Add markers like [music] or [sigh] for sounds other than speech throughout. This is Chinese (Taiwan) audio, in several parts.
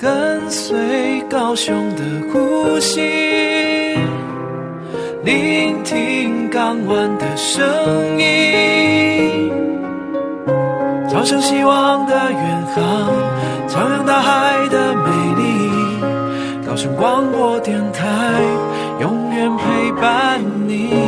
跟隨高雄的呼吸，聆聽港灣的聲音，朝向希望的遠航，徜徉大海的美麗。高雄廣播電臺，永遠陪伴你。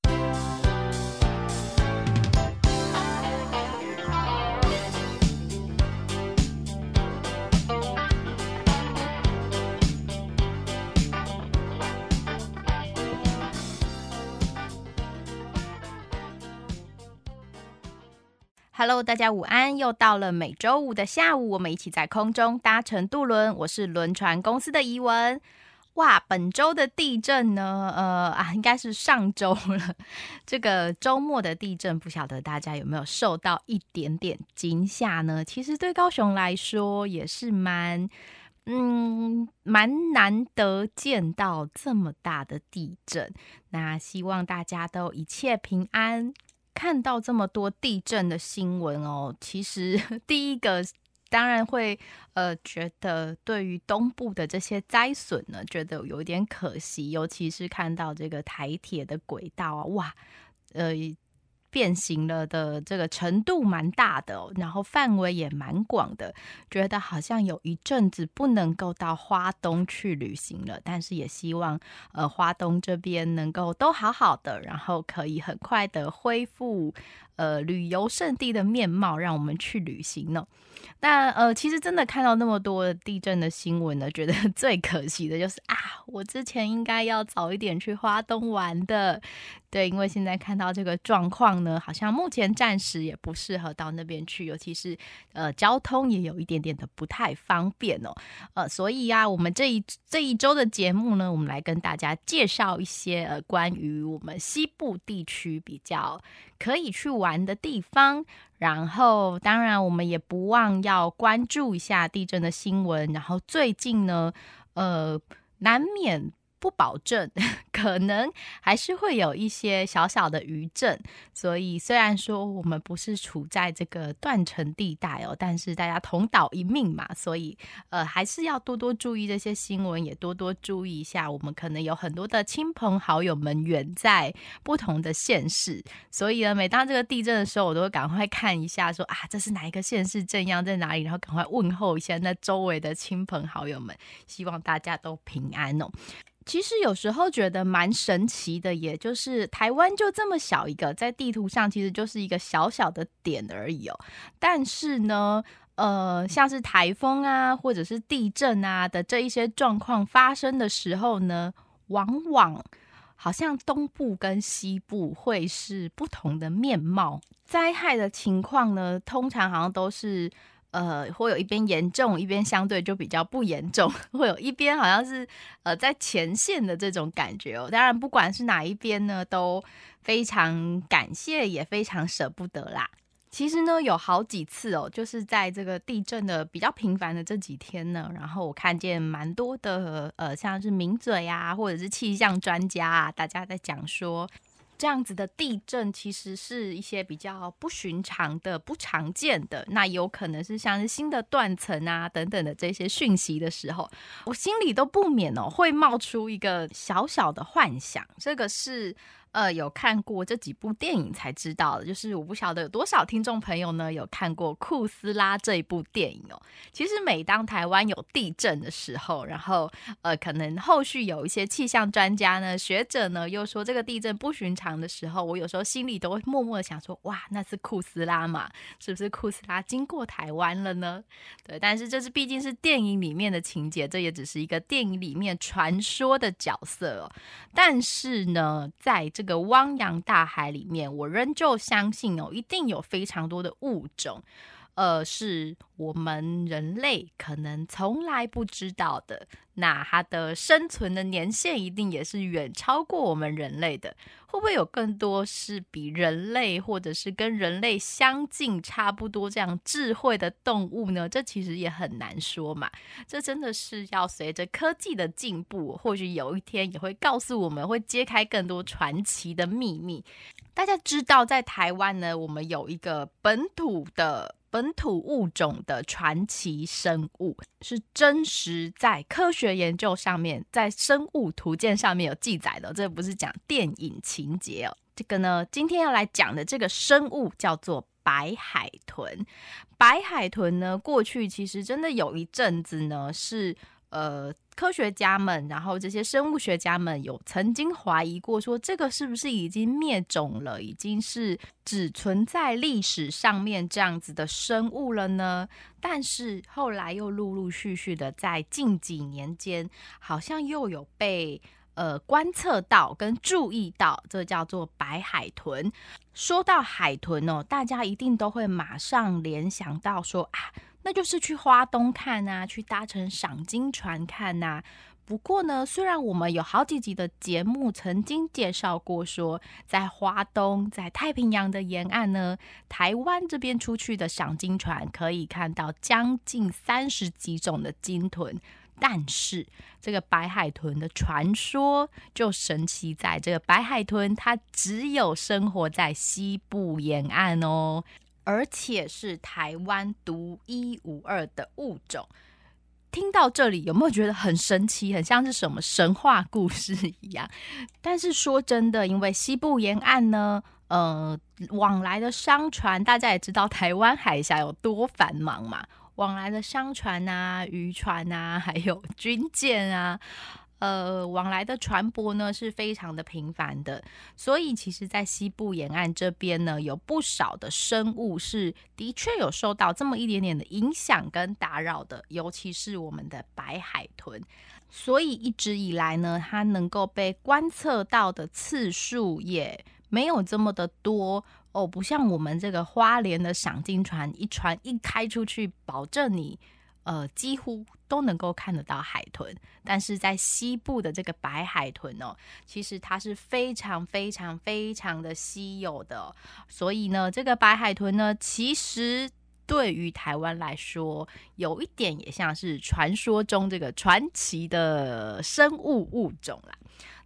Hello，大家午安！又到了每週五的下午，我們一起在空中搭乘渡輪。我是輪船公司的怡文。哇，本週的地震呢？呃啊，應該是上週了。這個週末的地震，不曉得大家有沒有受到一點點驚嚇呢？其實對高雄來說也是蠻，嗯，蠻難得見到這麼大的地震。那希望大家都一切平安。看到這麼多地震的新聞哦，其實第一個當然會呃覺得對於東部的這些災損呢，覺得有點可惜，尤其是看到這個台鐵的軌道啊，哇，呃。變形了的這個程度蠻大的，然後範圍也蠻廣的，覺得好像有一陣子不能夠到花東去旅行了。但是也希望呃花東這邊能夠都好好的，然後可以很快的恢復呃旅遊勝地的面貌，讓我們去旅行呢、喔。但呃其實真的看到那麼多地震的新聞呢，覺得最可惜的就是啊，我之前應該要早一點去花東玩的。對，因為現在看到這個狀況呢，好像目前暫時也不適合到那邊去，尤其是呃交通也有一點點的不太方便哦。呃，所以啊，我們這一這一周的節目呢，我們來跟大家介紹一些呃關於我們西部地區比較可以去玩的地方，然後當然我們也不忘要關注一下地震的新聞，然後最近呢，呃，難免。不保證，可能還是會有一些小小的餘震。所以雖然說我們不是處在這個斷層地帶哦，但是大家同島一命嘛，所以呃還是要多多注意這些新聞，也多多注意一下。我們可能有很多的親朋好友們遠在不同的縣市，所以呢，每當這個地震的時候，我都會趕快看一下說，說啊這是哪一個縣市，震央在哪裡，然後趕快問候一下那周圍的親朋好友們，希望大家都平安哦。其實有時候覺得蠻神奇的，也就是台灣就這麼小一個，在地圖上其實就是一個小小的點而已哦。但是呢，呃，像是台風啊，或者是地震啊的這一些狀況發生的時候呢，往往好像東部跟西部會是不同的面貌，災害的情況呢，通常好像都是。呃，會有一邊嚴重，一邊相對就比較不嚴重，會有一邊好像是呃在前線的這種感覺哦。當然，不管是哪一邊呢，都非常感謝，也非常捨不得啦。其實呢，有好幾次哦，就是在這個地震的比較頻繁的這幾天呢，然後我看見蠻多的呃，像是名嘴啊，或者是氣象專家啊，大家在講說。這樣子的地震其實是一些比較不尋常的、不常見的，那有可能是像是新的斷層啊等等的這些訊息的時候，我心裡都不免哦會冒出一個小小的幻想，這個是。呃，有看過這幾部電影才知道的，就是我不曉得有多少聽眾朋友呢有看過《庫斯拉》這一部電影哦。其實每當台灣有地震的時候，然後呃，可能後續有一些氣象專家呢、學者呢又說這個地震不尋常的時候，我有時候心裡都會默默的想說，哇，那是庫斯拉嘛？是不是庫斯拉經過台灣了呢？對，但是這是畢竟是電影裡面的情節，這也只是一個電影裡面傳說的角色、哦。但是呢，在這。這個汪洋大海裡面，我仍舊相信哦，一定有非常多的物種。呃，是我們人類可能從來不知道的，那它的生存的年限一定也是遠超過我們人類的。會不會有更多是比人類，或者是跟人類相近、差不多這樣智慧的動物呢？這其實也很難說嘛。這真的是要隨着科技的進步，或許有一天也會告訴我們會揭開更多傳奇的秘密。大家知道，在台灣呢，我們有一個本土的。本土物種的傳奇生物，是真實在科學研究上面，在生物圖鑑上面有記載的。這個不是講電影情節哦。這個呢，今天要來講的這個生物叫做白海豚。白海豚呢，過去其實真的有一陣子呢是，呃，科學家們，然後這些生物學家們有曾經懷疑過，說這個是不是已經滅種了，已經是只存在歷史上面這樣子的生物了呢？但是後來又陸陸續續的在近幾年間，好像又有被呃觀測到跟注意到，這叫做白海豚。說到海豚哦，大家一定都會馬上聯想到說啊。那就是去花東看啊，去搭乘賞鯨船看啊。不過呢，雖然我們有好幾集的節目曾經介紹過說，說在花東，在太平洋的沿岸呢，台灣這邊出去的賞鯨船可以看到將近三十幾種的鯨豚。但是這個白海豚的傳說就神奇在，在這個白海豚它只有生活在西部沿岸哦。而且是台灣獨一無二的物種。聽到這裡，有沒有覺得很神奇，很像是什麼神話故事一樣？但是說真的，因為西部沿岸呢，呃，往來的商船，大家也知道台灣海峽有多繁忙嘛，往來的商船啊、漁船啊，還有軍艦啊。呃，往來的船舶呢是非常的頻繁的，所以其實，在西部沿岸這邊呢，有不少的生物是的確有受到這麼一點點的影響跟打擾的，尤其是我們的白海豚。所以一直以來呢，它能夠被觀測到的次數也沒有這麼的多哦，不像我們這個花蓮的賞鯨船，一船一開出去，保證你。呃，幾乎都能夠看得到海豚，但是在西部的這個白海豚哦，其實它是非常非常非常的稀有的，所以呢，這個白海豚呢，其實。對於台灣來說，有一點也像是傳說中這個傳奇的生物物種啦。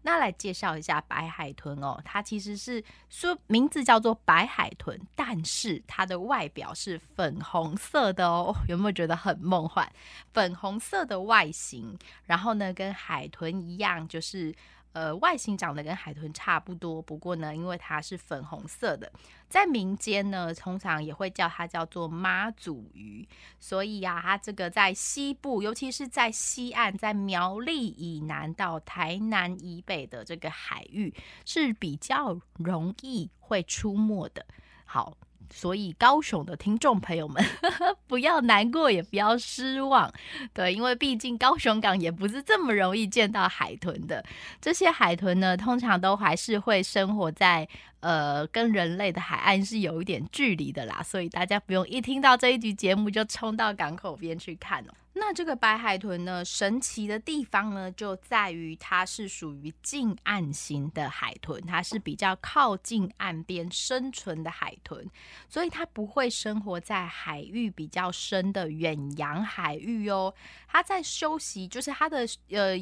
那來介紹一下白海豚哦，它其實是說名字叫做白海豚，但是它的外表是粉紅色的哦，有沒有覺得很夢幻？粉紅色的外形，然後呢，跟海豚一樣，就是。呃，外形長得跟海豚差不多，不過呢，因為它是粉紅色的，在民間呢，通常也會叫它叫做媽祖魚，所以啊，它這個在西部，尤其是在西岸，在苗栗以南到台南以北的這個海域是比較容易會出沒的。好。所以高雄的聽眾朋友們， [laughs] 不要難過，也不要失望。對，因為畢竟高雄港也不是這麼容易見到海豚的。這些海豚呢，通常都還是會生活在呃跟人類的海岸是有一點距離的啦，所以大家不用一聽到這一集節目就衝到港口邊去看哦。那這個白海豚呢，神奇的地方呢，就在於它是屬於近岸型的海豚，它是比較靠近岸邊生存的海豚，所以它不會生活在海域比較深的遠洋海域哦，它在休息，就是它的呃。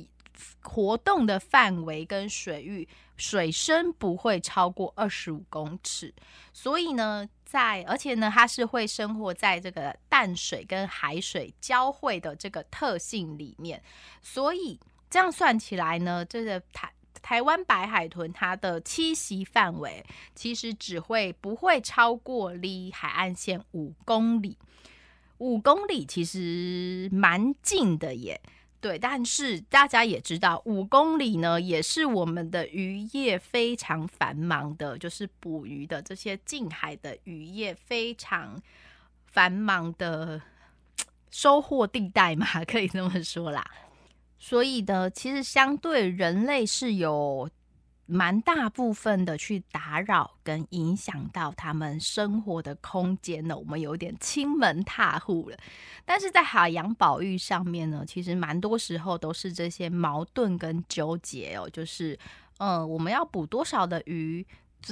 活動的範圍跟水域水深不會超過二十五公尺，所以呢，在而且呢，它是會生活在這個淡水跟海水交匯的這個特性裡面，所以這樣算起來呢，這個台台灣白海豚它的棲息範圍其實只會不會超過離海岸線五公里，五公里其實蠻近的耶。對，但是大家也知道，五公里呢，也是我們的漁業非常繁忙的，就是捕魚的這些近海的漁業非常繁忙的收穫地帶嘛，可以這麼說啦。所以呢，其實相對人類是有。蠻大部分的去打擾跟影響到他們生活的空間呢、哦，我們有點侵門踏戶了。但是在海洋保育上面呢，其實蠻多時候都是這些矛盾跟糾結哦，就是嗯，我們要捕多少的魚，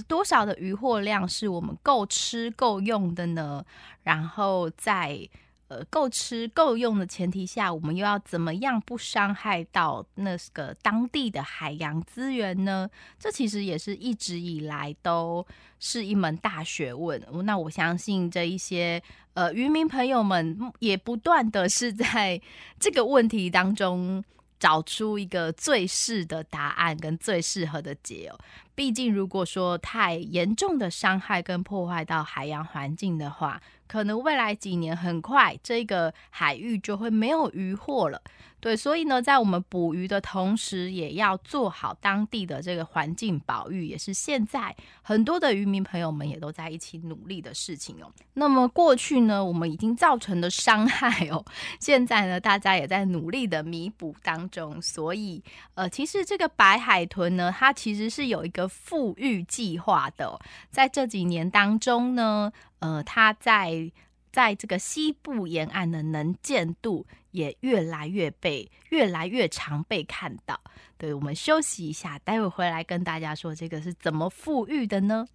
多少的漁獲量是我們夠吃夠用的呢？然後再。呃，夠吃夠用的前提下，我們又要怎麼樣不傷害到那個當地的海洋資源呢？這其實也是一直以來都是一門大學問。那我相信這一些呃漁民朋友們也不斷的是在這個問題當中找出一個最適的答案跟最適合的解喔。畢竟，如果說太嚴重的傷害跟破壞到海洋環境的話，可能未來幾年很快，這個海域就會沒有漁获了。對，所以呢，在我們捕魚的同時，也要做好當地的這個環境保育。也是現在很多的漁民朋友們也都在一起努力的事情哦。那麼過去呢，我們已經造成的傷害哦，現在呢，大家也在努力的彌補當中。所以，呃，其實這個白海豚呢，它其實是有一個復育計畫的、哦，在這幾年當中呢。呃，他在在這個西部沿岸的能見度也越來越被，越來越常被看到。對，我們休息一下，待會回來跟大家說這個是怎麼復育的呢。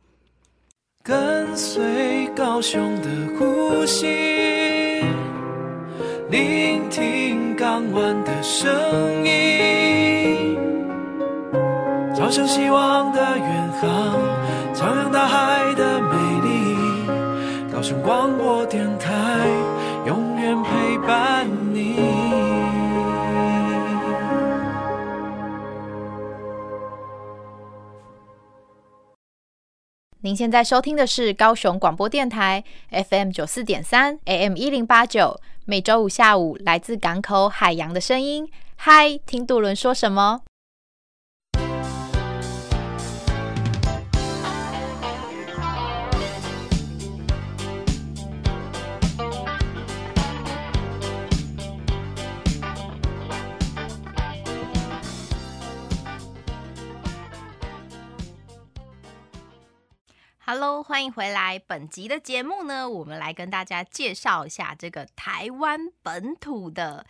跟隨高雄的呼吸，聆聽港灣的聲音，朝向希望的遠航，徜徉大海的美。高雄廣播電臺永遠陪伴你。您現在收聽的是高雄廣播電臺 FM 九四點三 AM 一零八九，AM1089，每周五下午來自港口海洋的聲音。嗨，聽渡輪說什麼？Hello，歡迎回來。本集的節目呢，我們來跟大家介紹一下這個台灣本土的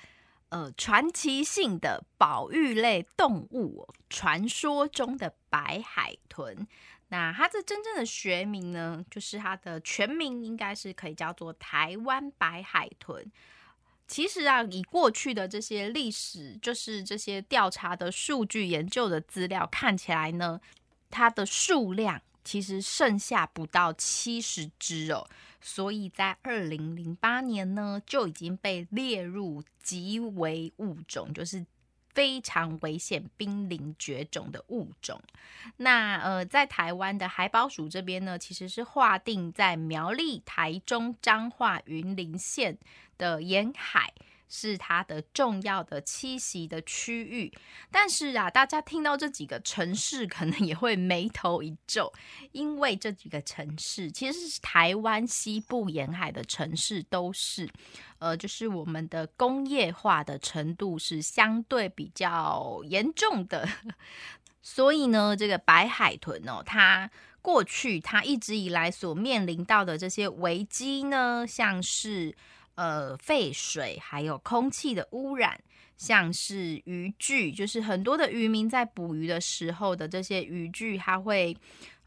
呃傳奇性的保育類動物——傳說中的白海豚。那它這真正的學名呢，就是它的全名應該是可以叫做台灣白海豚。其實啊，以過去的這些歷史，就是這些調查的數據、研究的資料看起來呢，它的數量，其實剩下不到七十隻哦，所以在二零零八年呢，就已經被列入極危物種，就是非常危險、瀕臨絕種的物種。那呃，在台灣的海保署這邊呢，其實是劃定在苗栗、台中、彰化、雲林縣的沿海。是它的重要的棲息的區域，但是啊，大家聽到這幾個城市，可能也會眉頭一皺，因為這幾個城市其實是台灣西部沿海的城市，都是，呃，就是我們的工業化的程度是相對比較嚴重的，所以呢，這個白海豚哦，它過去它一直以來所面臨到的這些危機呢，像是。呃，廢水還有空氣的污染，像是漁具，就是很多的漁民在捕魚的時候的這些漁具，它會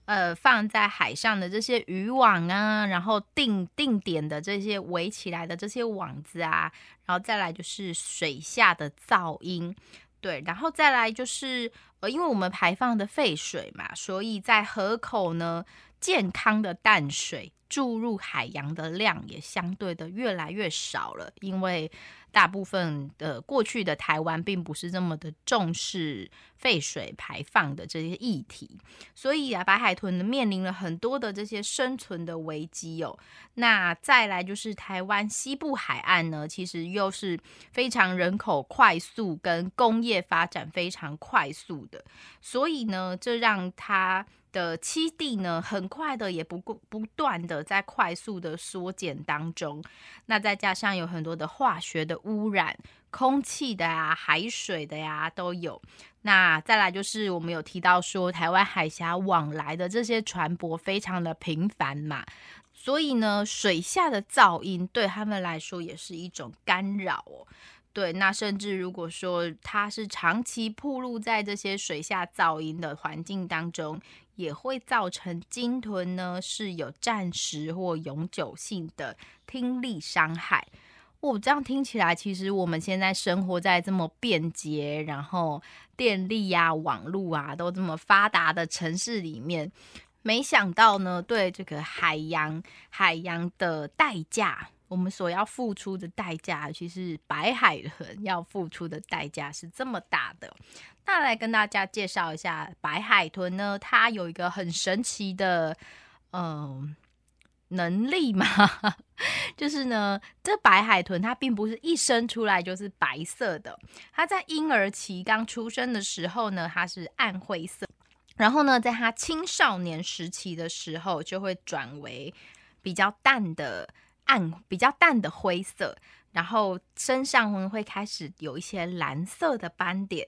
呃放在海上的這些漁網啊，然後定定點的這些圍起來的這些網子啊，然後再來就是水下的噪音。對，然後再來就是，呃，因為我們排放的廢水嘛，所以在河口呢，健康的淡水注入海洋的量也相對的越來越少了，因為。大部分的過去的台灣並不是那麼的重視廢水排放的這些議題，所以啊，白海豚呢，面臨了很多的這些生存的危機哦。那再來就是台灣西部海岸呢，其實又是非常人口快速跟工業發展非常快速的，所以呢，這讓它。的棲地呢，很快的也不過不斷的在快速的縮減當中。那再加上有很多的化學的污染，空氣的呀、海水的呀都有。那再來就是我們有提到說，台灣海峽往來的這些船舶非常的頻繁嘛，所以呢，水下的噪音對他們來說也是一種干擾哦。對，那甚至如果說它是長期暴露在這些水下噪音的環境當中。也會造成鯨豚呢，是有暫時或永久性的聽力傷害。我、哦，這樣聽起來，其實我們現在生活在這麼便捷，然後電力啊、網絡啊都這麼發達的城市裡面，沒想到呢，對這個海洋、海洋的代價，我們所要付出的代價，其實白海豚要付出的代價是這麼大的。那來跟大家介紹一下白海豚呢，它有一個很神奇的，嗯、呃，能力嘛，就是呢，這白海豚它並不是一生出來就是白色的，它在嬰兒期剛出生的時候呢，它是暗灰色，然後呢，在它青少年時期的時候，就會轉為比較淡的暗比較淡的灰色，然後身上會開始有一些藍色的斑點。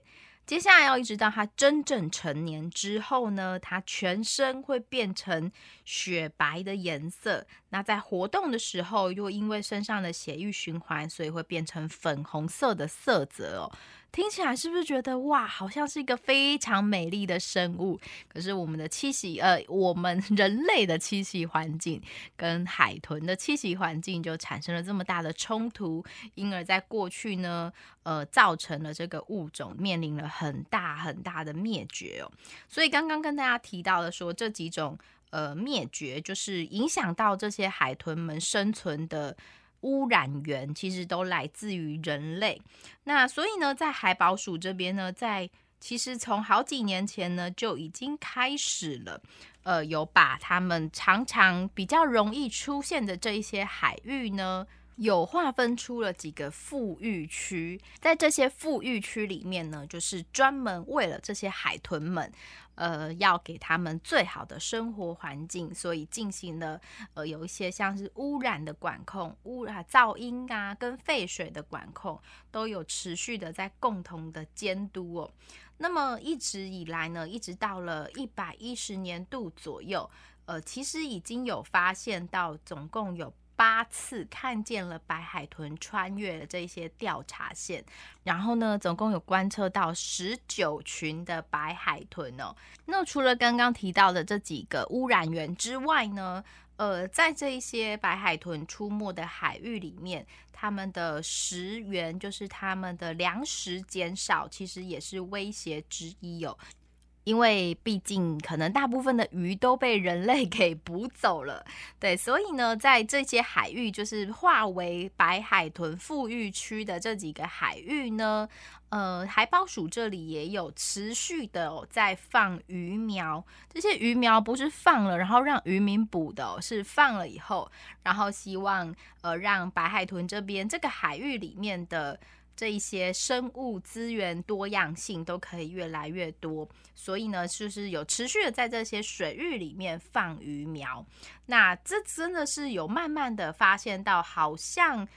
接下來要一直到它真正成年之後呢，它全身會變成雪白的顏色。那在活動的時候，又因為身上的血液循環，所以會變成粉紅色的色澤哦。聽起來是不是覺得哇，好像是一個非常美麗的生物？可是我們的棲息，呃，我們人類的棲息環境跟海豚的棲息環境就產生了這麼大的衝突，因而在過去呢，呃，造成了這個物種面臨了很大很大的滅絕哦。所以剛剛跟大家提到的說，這幾種呃滅絕就是影響到這些海豚們生存的。污染源其實都來自於人類，那所以呢，在海保署這邊呢，在其實從好幾年前呢就已經開始了，呃，有把他們常常比較容易出現的這一些海域呢，有劃分出了幾個復育區，在這些復育區裡面呢，就是專門為了這些海豚們，呃，要給他們最好的生活環境，所以進行了呃有一些像是污染的管控、污染、噪音啊跟廢水的管控，都有持續的在共同的監督哦。那麼一直以來呢，一直到了一百一十年度左右，呃，其實已經有發現到總共有。八次看見了白海豚穿越了這些調查線，然後呢，總共有觀測到十九群的白海豚哦。那除了剛剛提到的這幾個污染源之外呢，呃，在這一些白海豚出沒的海域裡面，它們的食源就是它們的糧食減少，其實也是威脅之一哦。因為畢竟可能大部分的魚都被人類給捕走了，對，所以呢，在這些海域就是劃為白海豚復育區的這幾個海域呢，呃，海保署這裡也有持續的、哦、在放魚苗。這些魚苗不是放了然後讓漁民捕的、哦，是放了以後，然後希望呃讓白海豚這邊這個海域裡面的。這一些生物資源多樣性都可以越來越多，所以呢，就是有持續的在這些水域裡面放魚苗。那這真的是有慢慢的發現到，好像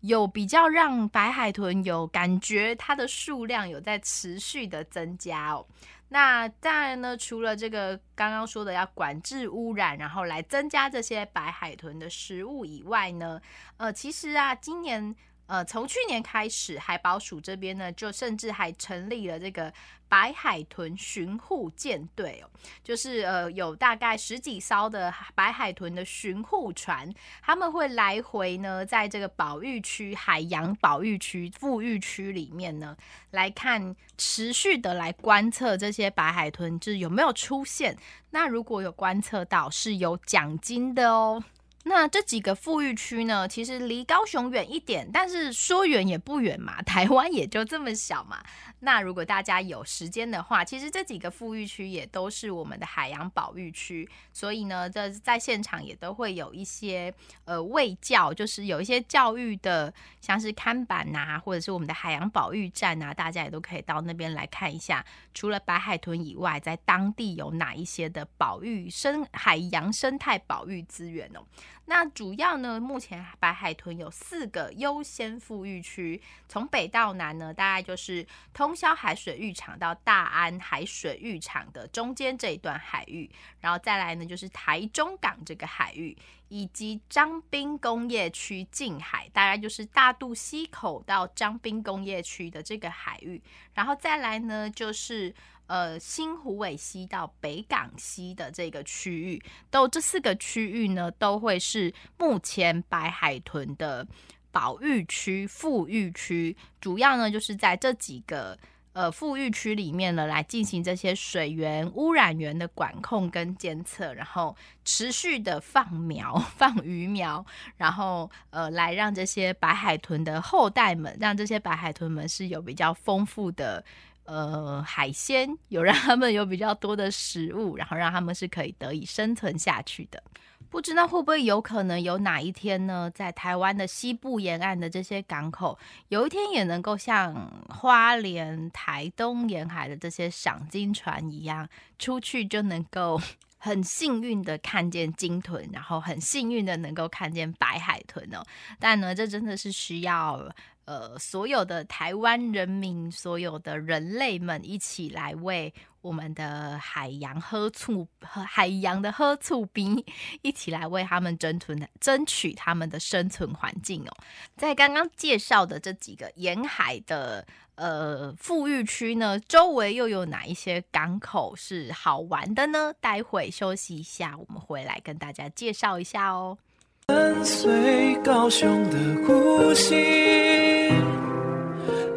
有比較讓白海豚有感覺它的數量有在持續的增加哦。那當然呢，除了這個剛剛說的要管制污染，然後來增加這些白海豚的食物以外呢，呃，其實啊，今年。呃，從去年開始，海保署這邊呢，就甚至還成立了這個白海豚巡護艦隊哦，就是呃，有大概十幾艘的白海豚的巡護船，他們會來回呢，在這個保育區、海洋保育區、復育區裡面呢，來看持續的來觀測這些白海豚，就是有沒有出現。那如果有觀測到，是有獎金的哦。那這幾個復育區呢，其實離高雄遠一點，但是說遠也不遠嘛，台灣也就這麼小嘛。那如果大家有時間的話，其實這幾個復育區也都是我們的海洋保育區，所以呢，在在現場也都會有一些呃衛教，就是有一些教育的，像是看板吶、啊，或者是我們的海洋保育站吶、啊，大家也都可以到那邊來看一下。除了白海豚以外，在當地有哪一些的保育生海洋生態保育資源哦？那主要呢，目前白海豚有四個優先復育區，從北到南呢，大概就是通霄海水浴場到大安海水浴場的中間這一段海域，然後再來呢，就是台中港這個海域，以及彰濱工業區近海，大概就是大肚溪口到彰濱工業區的這個海域，然後再來呢就是。呃，新湖尾溪到北港溪的這個區域，都這四個區域呢，都會是目前白海豚的保育區、復育區。主要呢，就是在這幾個呃復育區裡面呢，來進行這些水源污染源的管控跟監測，然後持續的放苗、放魚苗，然後呃，來讓這些白海豚的後代們，讓這些白海豚們是有比較豐富的。呃，海鮮有讓他們有比較多的食物，然後讓他們是可以得以生存下去的。不知道會不會有可能有哪一天呢，在台灣的西部沿岸的這些港口，有一天也能夠像花蓮、台東沿海的這些賞鯨船一樣，出去就能夠很幸運的看見鯨豚，然後很幸運的能夠看見白海豚哦。但呢，這真的是需要。呃，所有的台灣人民，所有的人類們，一起來為我們的海洋喝醋，和海洋的喝醋兵，一起來為他們爭取爭取他們的生存環境哦。在剛剛介紹的這幾個沿海的呃復育區呢，周圍又有哪一些港口是好玩的呢？待會休息一下，我們回來跟大家介紹一下哦。跟隨高雄的呼吸。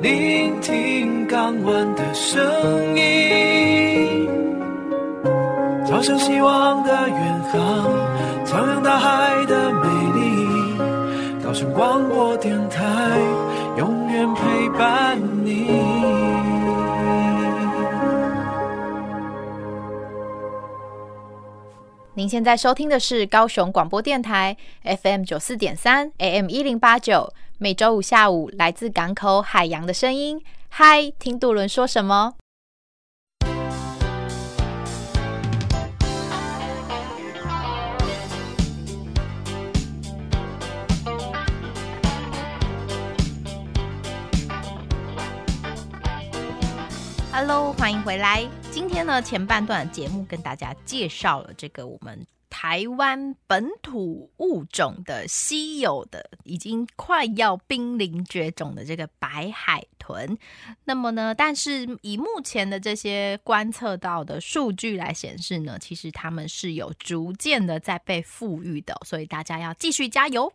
聆聽港灣的聲音，朝向希望的遠方，蒼茫大海的美麗，高雄廣播電台永遠陪伴你。您現在收聽的是高雄廣播電台 FM 九四點三 AM 一零八九。每週五下午，來自港口海洋的聲音。嗨，聽渡輪說什麼？Hello，歡迎回來。今天呢，前半段節目跟大家介紹了這個我們。台灣本土物種的稀有的、已經快要瀕臨絕種的這個白海豚，那麼呢？但是以目前的這些觀測到的數據來顯示呢，其實它們是有逐漸的在被復育的，所以大家要繼續加油。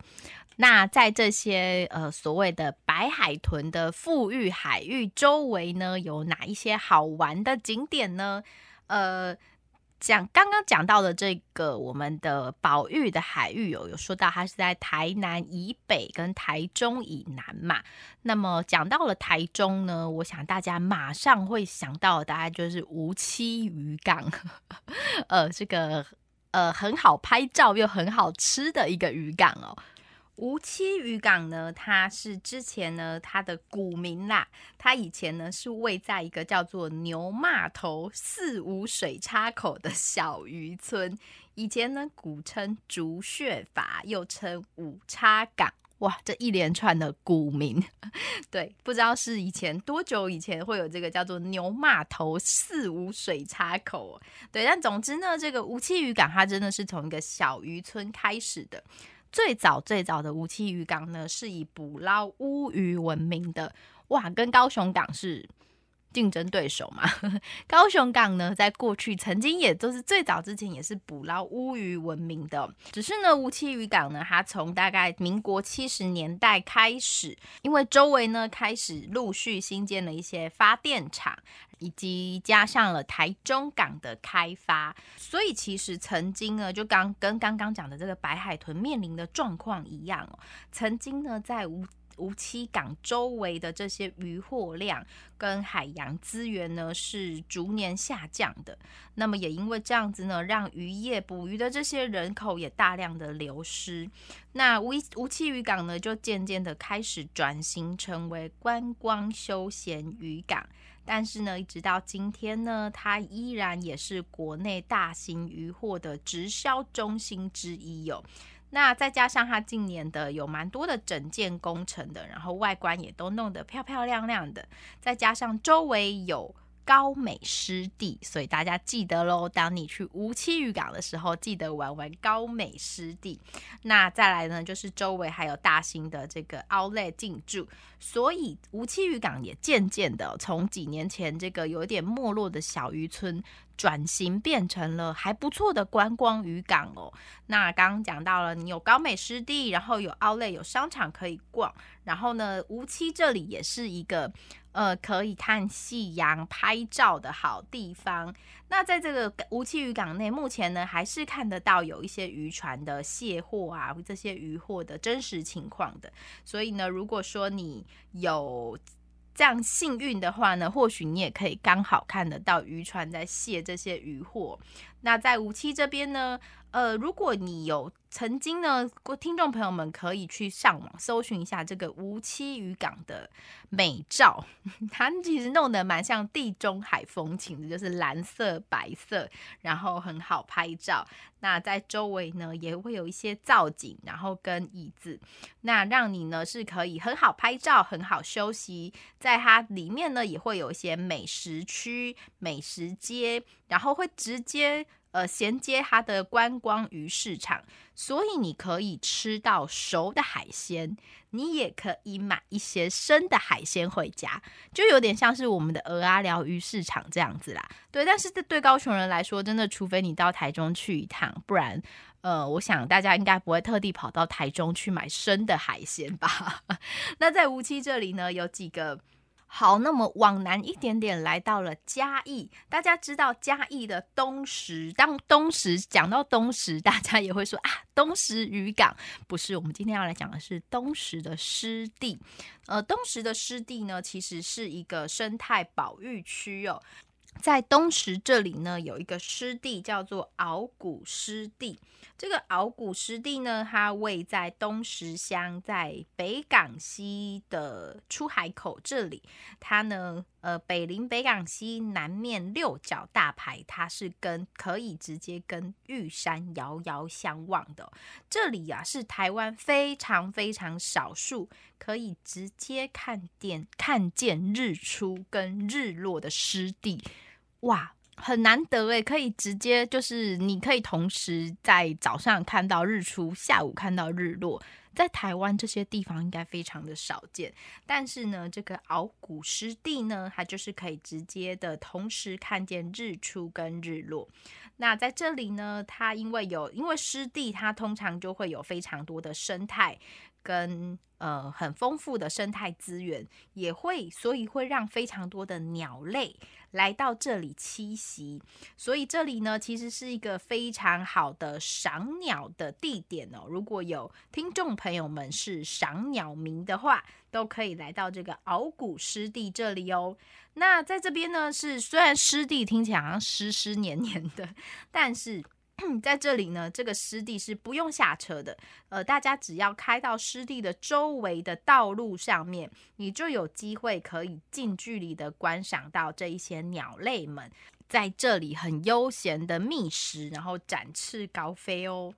那在這些呃所謂的白海豚的復育海域周圍呢，有哪一些好玩的景點呢？呃。講剛剛講到的這個我們的保育的海域有、哦、有說到，它是在台南以北跟台中以南嘛。那麼講到了台中呢，我想大家馬上會想到的答案就是梧棲漁港、 [laughs] 呃，呃，這個呃很好拍照又很好吃的一個漁港哦。梧棲漁港呢？它是之前呢，它的古名啦。它以前呢是位在一個叫做牛罵頭四五水叉口的小漁村，以前呢古稱竹筏穴，又稱五汊港。哇，這一連串的古名， [laughs] 對，不知道是以前多久以前會有這個叫做牛罵頭四五水叉口。對，但總之呢，這個梧棲漁港它真的是從一個小漁村開始的。最早最早的梧棲漁港呢，是以捕撈烏魚聞名的，哇，跟高雄港是競爭對手嘛？高雄港呢，在過去曾經也就是最早之前也是捕撈烏魚聞名的，只是呢，梧棲漁港呢，它從大概民國七十年代開始，因為周圍呢開始陸續新建了一些發電廠。以及加上了台中港的開發，所以其實曾經呢，就剛跟剛剛講的這個白海豚面臨的狀況一樣哦。曾經呢，在梧、梧棲港周圍的這些漁獲量跟海洋資源呢，是逐年下降的。那麼也因為這樣子呢，讓漁業捕魚的這些人口也大量的流失。那梧、梧棲漁港呢，就漸漸的開始轉型成為觀光休閒漁港。但是呢，一直到今天呢，它依然也是國內大型漁獲的直銷中心之一喲、哦。那再加上它近年的有蠻多的整建工程的，然後外觀也都弄得漂漂亮亮的，再加上周圍有。高美濕地，所以大家記得嘍。當你去無期漁港的時候，記得玩玩高美濕地。那再來呢，就是周圍還有大型的這個凹 u t l 進駐，所以無期漁港也漸漸的從幾年前這個有點沒落的小漁村。轉型變成了還不錯的觀光漁港哦。那剛剛講到了，你有高美濕地，然後有 Outlet，有商場可以逛，然後呢，梧棲這裡也是一個呃可以看夕陽、拍照的好地方。那在這個梧棲漁港內，目前呢還是看得到有一些漁船的卸貨啊，這些漁獲的真實情況的。所以呢，如果說你有這樣幸運的話呢，或許你也可以剛好看得到漁船在卸這些漁獲。那在梧棲這邊呢，呃，如果你有曾經呢，聽眾朋友們可以去上網搜尋一下這個梧棲漁港的美照， [laughs] 它其實弄得蠻像地中海風情的，就是藍色、白色，然後很好拍照。那在周圍呢，也會有一些造景，然後跟椅子，那讓你呢是可以很好拍照、很好休息。在它裡面呢，也會有一些美食區、美食街，然後會直接。呃，銜接它的觀光漁市場，所以你可以吃到熟的海鮮，你也可以買一些生的海鮮回家，就有點像是我們的蚵仔寮漁市場這樣子啦。對，但是這對高雄人來說，真的除非你到台中去一趟，不然，呃，我想大家應該不會特地跑到台中去買生的海鮮吧？ [laughs] 那在梧棲這裡呢，有幾個。好，那麼往南一點點，來到了嘉義。大家知道嘉義的東石，當東石講到東石，大家也會說啊，東石漁港。不是，我們今天要來講的是東石的濕地。呃，東石的濕地呢，其實是一個生態保育區哦。在東石這裡呢，有一個濕地叫做鰲鼓濕地。這個鰲鼓濕地呢，它位在東石鄉，在北港溪的出海口這裡。它呢，呃，北臨北港溪，南面六角大排。它是跟可以直接跟玉山遙遙相望的。這裡啊，是台灣非常非常少數可以直接看點看見日出跟日落的濕地，哇！很難得誒，可以直接就是你可以同時在早上看到日出，下午看到日落，在台灣這些地方應該非常的少見。但是呢，這個鰲鼓濕地呢，它就是可以直接的，同時看見日出跟日落。那在這裡呢，它因為有，因為濕地它通常就會有非常多的生態跟呃很豐富的生態資源，也會所以會讓非常多的鳥類。來到這裡棲息，所以這裡呢，其實是一個非常好的賞鳥的地點哦。如果有聽眾朋友們是賞鳥迷的話，都可以來到這個鰲鼓濕地這裡哦。那在這邊呢，是雖然濕地聽起來好像濕濕黏黏的，但是。 [noise] 在這裡呢，這個濕地是不用下車的。呃，大家只要開到濕地的周圍的道路上面，你就有機會可以近距離的觀賞到這一些鳥類們在這裡很悠閒的覓食，然後展翅高飛哦。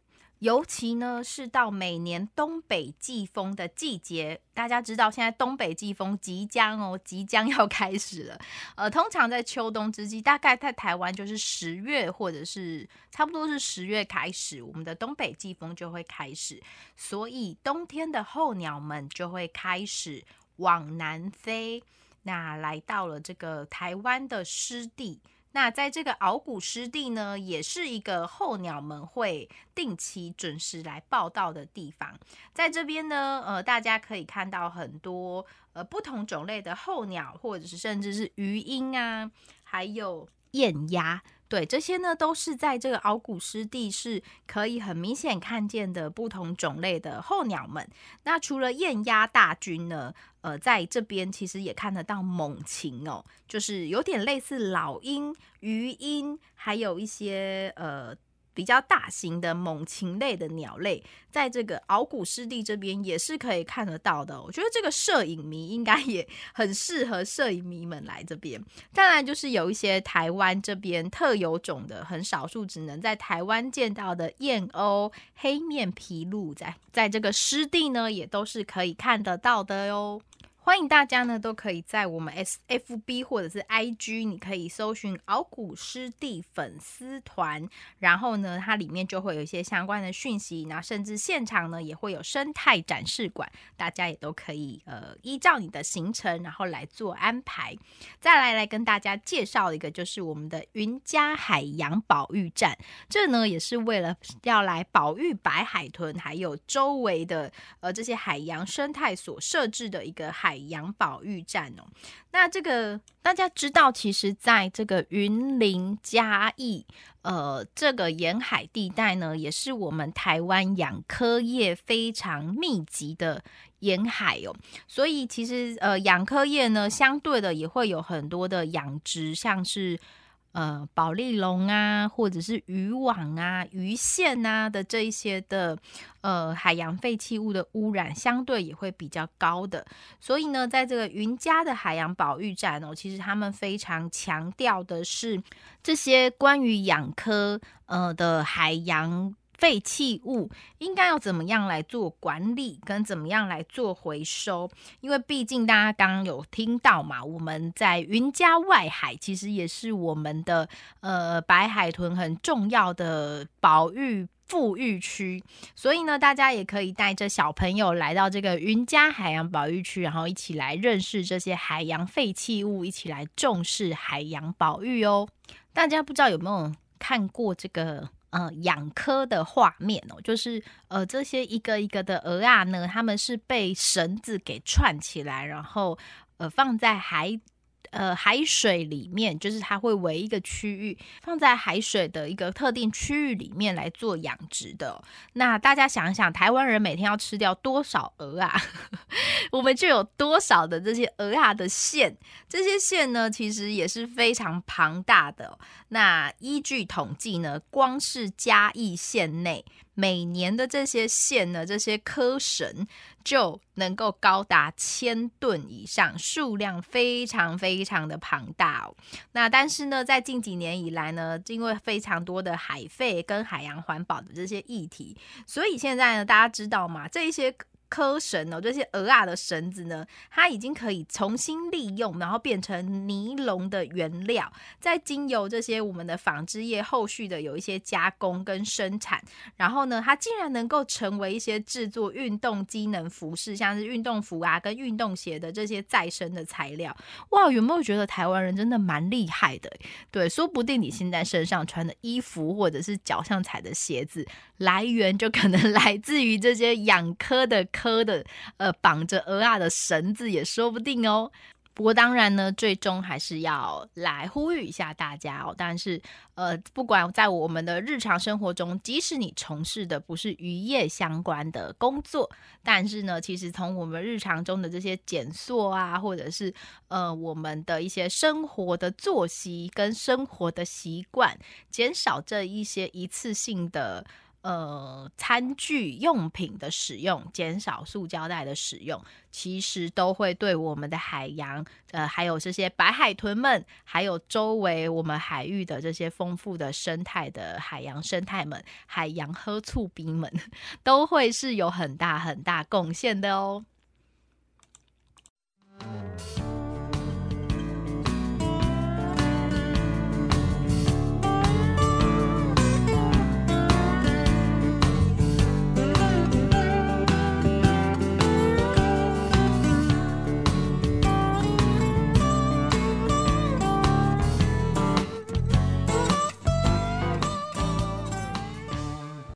尤其呢，是到每年東北季風的季節，大家知道現在東北季風即將哦，即將要開始了。呃，通常在秋冬之際，大概在台灣就是十月或者是差不多是十月開始，我們的東北季風就會開始，所以冬天的候鳥們就會開始往南飛，那來到了這個台灣的濕地。那在這個鰲鼓濕地呢，也是一個候鳥們會定期準時來報到的地方。在這邊呢，呃，大家可以看到很多呃不同種類的候鳥，或者是甚至是魚鷹啊，還有雁鴨。對，這些呢都是在這個鰲鼓濕地是可以很明顯看見的不同種類的候鳥們。那除了雁鴨大軍呢，呃，在這邊其實也看得到猛禽哦，就是有點類似老鷹、魚鷹，還有一些呃。比較大型的猛禽類的鳥類，在這個鰲鼓濕地這邊也是可以看得到的、哦。我覺得這個攝影迷應該也很適合攝影迷們來這邊。當然，就是有一些台灣這邊特有種的、很少數只能在台灣見到的燕鷗、黑面琵鷺，在在這個濕地呢，也都是可以看得到的喲、哦。歡迎大家呢，都可以在我們 SFB 或者是 IG，你可以搜尋鰲鼓濕地粉絲團，然後呢，它裡面就會有一些相關的訊息，然後甚至現場呢也會有生態展示館，大家也都可以呃依照你的行程然後來做安排。再來來跟大家介紹一個，就是我們的雲嘉海洋保育站，這呢也是為了要來保育白海豚，還有周圍的呃這些海洋生態所設置的一個海。海洋保育站哦，那這個大家知道，其實在這個雲林嘉義呃這個沿海地帶呢，也是我們台灣養蚵業非常密集的沿海哦，所以其實呃養蚵業呢，相對的也會有很多的養殖，像是。呃，保麗龍啊，或者是漁網啊、魚線啊的這一些的，呃，海洋廢棄物的污染相對也會比較高的。所以呢，在這個雲家的海洋保育站哦，其實他們非常強調的是這些關於養科呃的海洋。廢棄物應該要怎麼樣來做管理，跟怎麼樣來做回收？因為畢竟大家剛剛有聽到嘛，我們在雲嘉外海其實也是我們的呃白海豚很重要的保育復育區，所以呢，大家也可以帶着小朋友來到這個雲嘉海洋保育區，然後一起來認識這些海洋廢棄物，一起來重視海洋保育哦。大家不知道有沒有看過這個？呃、嗯，養蚵的畫面哦，就是呃，這些一個一個的蚵仔呢，他們是被繩子給串起來，然後呃放在海。呃，海水裡面就是它會圍一個區域，放在海水的一個特定區域裡面來做養殖的，哦。那大家想一想，台灣人每天要吃掉多少蚵仔？ [laughs] 我們就有多少的這些蚵仔的線。這些線呢，其實也是非常龐大的，哦。那依據統計呢，光是嘉義縣內每年的這些線呢，這些蚵繩，就能夠高達千噸以上，數量非常非常的龐大哦。那但是呢，在近幾年以來呢，因為非常多的海廢跟海洋環保的這些議題，所以現在呢，大家知道嗎？這一些。蚵繩哦、喔，這些蚵仔的繩子呢，它已經可以重新利用，然後變成尼龍的原料，再經由這些我們的紡織業後續的有一些加工跟生產，然後呢，它竟然能夠成為一些製作運動機能服飾，像是運動服啊跟運動鞋的這些再生的材料。哇，有沒有覺得台灣人真的蠻厲害的？對，說不定你現在身上穿的衣服或者是腳上踩的鞋子，來源就可能來自於這些養蚵的蚵的，呃，綁着蚵啊的繩子也說不定哦。不過當然呢，最終還是要來呼籲一下大家哦。但是，呃，不管在我們的日常生活中，即使你從事的不是漁業相關的工作，但是呢，其實從我們日常中的這些減塑啊，或者是呃，我們的一些生活的作息跟生活的習慣，減少這一些一次性的。呃、嗯，餐具用品的使用，減少塑膠袋的使用，其實都會對我們的海洋，呃，還有這些白海豚們，還有周圍我們海域的這些豐富的生態的海洋生態們，海洋喝醋兵們，都會是有很大很大貢獻的哦。